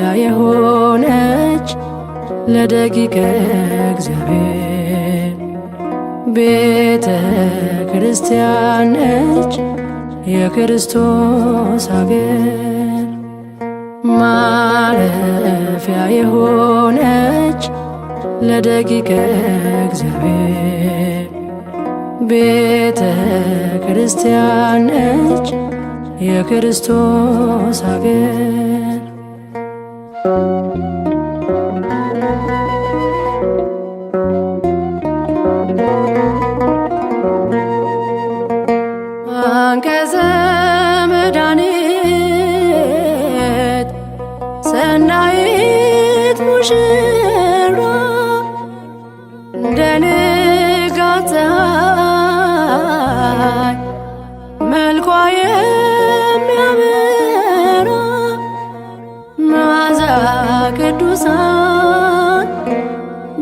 ማረፊያ የሆነች ለደቂቀ እግዚአብሔር ቤተ ክርስቲያን ነች የክርስቶስ አገር ማረፊያ የሆነች ለደቂቀ እግዚአብሔር ቤተ ክርስቲያን ነች የክርስቶስ አገር አንቀጸ መድኃኒት ሰናይት ሙሽ ቅዱሳን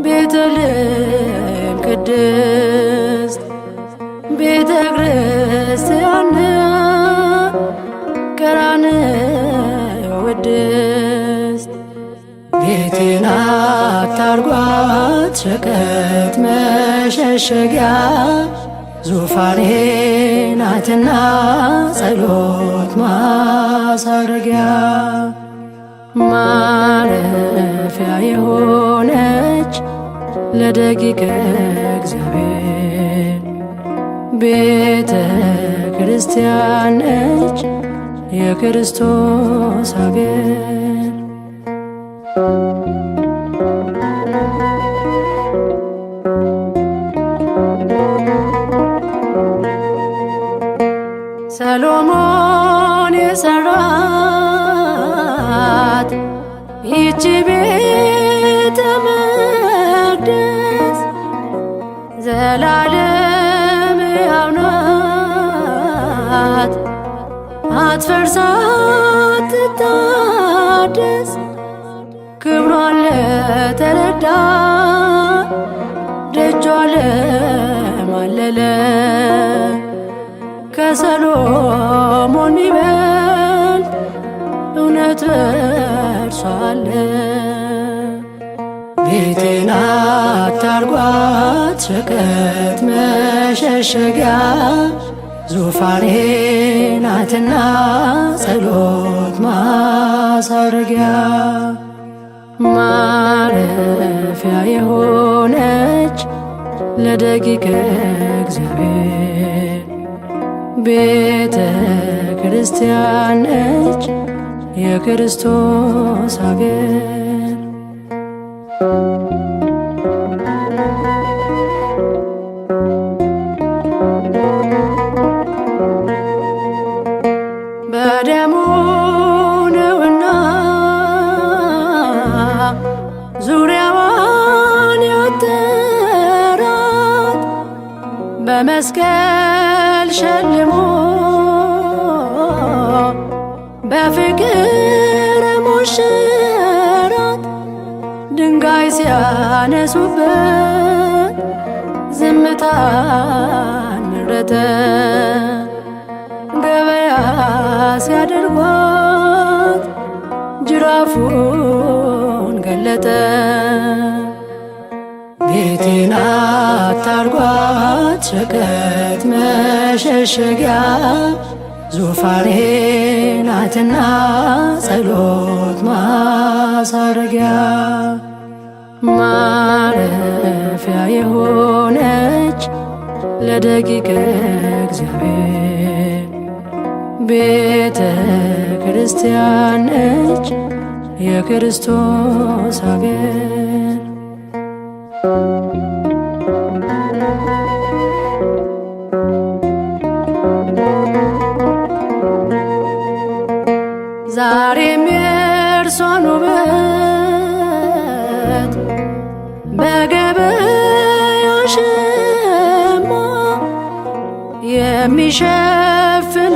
ቤተልሔም ቅድስት ቤተ ክርስቲያን ቀራንዮ ቅድስት ቤቴን አታርጓት ሸቀጥ መሸሸጊያ ዙፋኔ ናትና ጸሎት ማሳረጊያ ማረፊያ የሆነች ለደቂቀ እግዚአብሔር ቤተ ክርስቲያን ነች የክርስቶስ ሀገር ይቺ ቤተ መቅደስ ዘላለም ሕያው ናት፣ ለተረዳ ደጇ ለማለለ ከሰሎሞን ይበል ትፈርሷል። ቤቴን አታርጓት ሸቀጥ መሸሸጊያ ዙፋኔ ናትና ጸሎት ማሳረጊያ ማረፊያ የሆነች ለደቂቀ እግዚአብሔር ቤተ ክርስቲያን ነች። የክርስቶስ ሀገር በደሙ ነውና ዙሪያዋን ያጠራት በመስቀል ሸልሞ ለፍቅር ሞሽራት ድንጋይ ሲያነሱበት ዝምታን ምረተ ገበያ ሲያደርጓት ጅራፉን ገለጠ። ቤቴን አታርጓት ሸቀጥ መሸሸጊያ ዙፋኔ ናትና ጸሎት ማሳረጊያ ማረፊያ የሆነች ለደቂቀ እግዚአብሔር ቤተ ክርስቲያን ነች የክርስቶስ አገር ዛሬም የእርሷን ውበት በገበያ እማ የሚሸፍን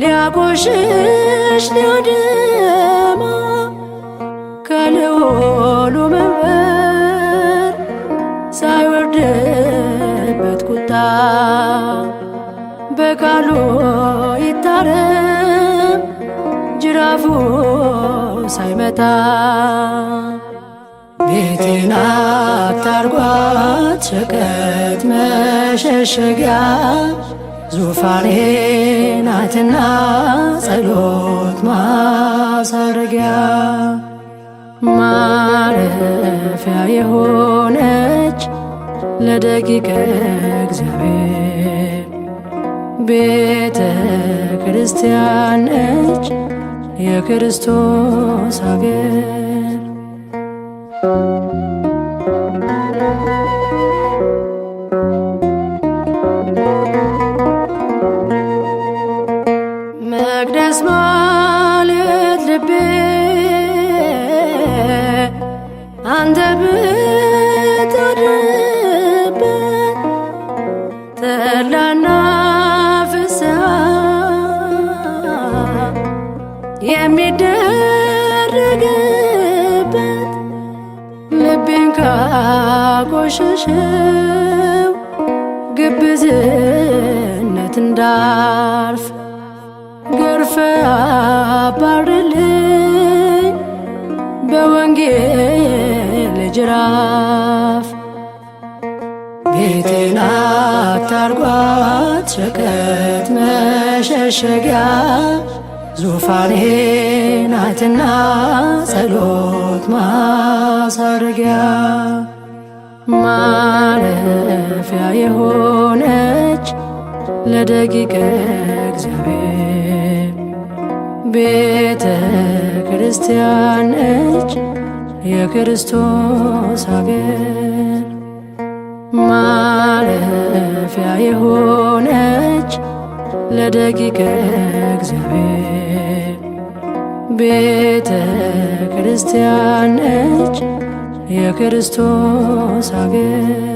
ሊያቆሽሽ ሊያድን በቃሉ ይታረም ጅራፉ ሳይመታ ቤቴን አታርጓት ሸቀጥ መሸሸጊያ ዙፋኔ ናትና ጸሎት ማሳረጊያ ማረፊያ የሆነች ለደቂቀ እግዚአብሔር ቤተ ክርስቲያን ነች የክርስቶስ ሀገር እንዳቆሸሸው ግብዝነት እንዳርፍ ገርፈ አባርልኝ በወንጌል ጅራፍ ቤቴን አታርጓት ሸቀጥ መሸሸጊያ ዙፋኔ ናትና ጸሎት ማሳረጊያ ማረፊያ የሆነች ለደቂቀ እግዚአብሔር ቤተ ክርስቲያን ነች የክርስቶስ ሀገር ማረፊያ የሆነች ለደቂቀ እግዚአብሔር ቤተ ክርስቲያን ነች የክርስቶስ አገር